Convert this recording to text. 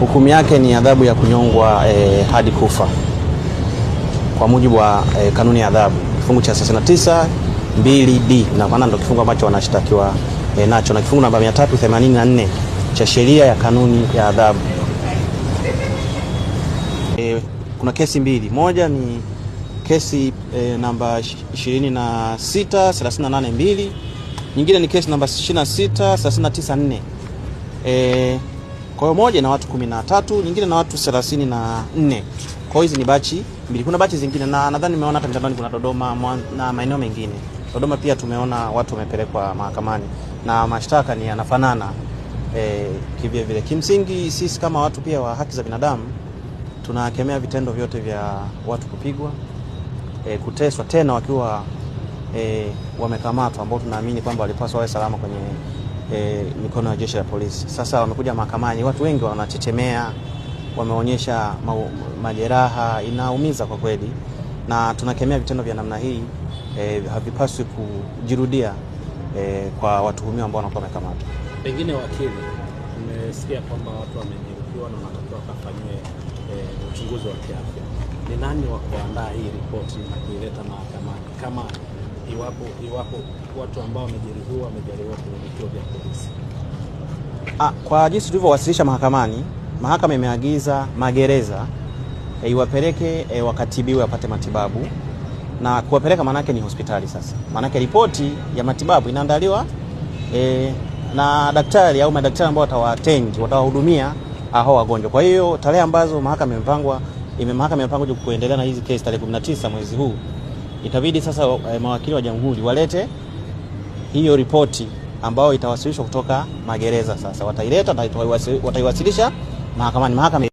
hukumu yake ni adhabu ya kunyongwa e, hadi kufa kwa mujibu wa e, kanuni ya adhabu kifungu cha 69 d na maana ndio kifungu ambacho wanashtakiwa e, nacho na kifungu namba 384 cha sheria ya kanuni ya adhabu. E, kuna kesi mbili, moja ni kesi e, namba 26 382, nyingine ni kesi namba 26 394 kwa hiyo moja na watu 13, nyingine na watu 34. Kwa hiyo hizi ni bachi mbili. Kuna bachi zingine na nadhani nimeona hata mtandaoni kuna Dodoma na maeneo mengine. Dodoma pia tumeona watu wamepelekwa mahakamani na mashtaka ni yanafanana. E, kivile vile kimsingi sisi kama watu pia wa haki za binadamu tunakemea vitendo vyote vya watu kupigwa, e, kuteswa tena wakiwa e, wamekamatwa ambao tunaamini kwamba walipaswa wawe salama kwenye e, mikono ya jeshi la polisi. Sasa wamekuja mahakamani, watu wengi wanatetemea, wameonyesha ma, majeraha, inaumiza kwa kweli, na tunakemea vitendo vya namna hii e, havipaswi kujirudia e, kwa watuhumiwa ambao wanakuwa wamekamatwa. Pengine wakili, umesikia kwamba watu wamejeruhiwa na wanatakiwa wakafanyiwe e, uchunguzi wa kiafya. Ni nani wa kuandaa hii ripoti na kuileta mahakamani kama iwapo iwapo watu ambao wamejeruhiwa wamejeruhiwa kwenye vituo vya polisi? Ah, kwa jinsi tulivyowasilisha mahakamani, mahakama imeagiza magereza e, iwapeleke e, wakatibiwe wapate matibabu na kuwapeleka maanake ni hospitali sasa. Maanake ripoti ya matibabu inaandaliwa e, na daktari au madaktari ambao watawatend watawahudumia ah, hao wagonjwa. Kwa hiyo tarehe ambazo mahakama imepangwa ime mahakama imepangwa kuendelea na hizi kesi tarehe 19 mwezi huu itabidi sasa e, mawakili wa jamhuri walete hiyo ripoti ambayo itawasilishwa kutoka magereza. Sasa wataileta, wataiwasilisha mahakamani, mahakama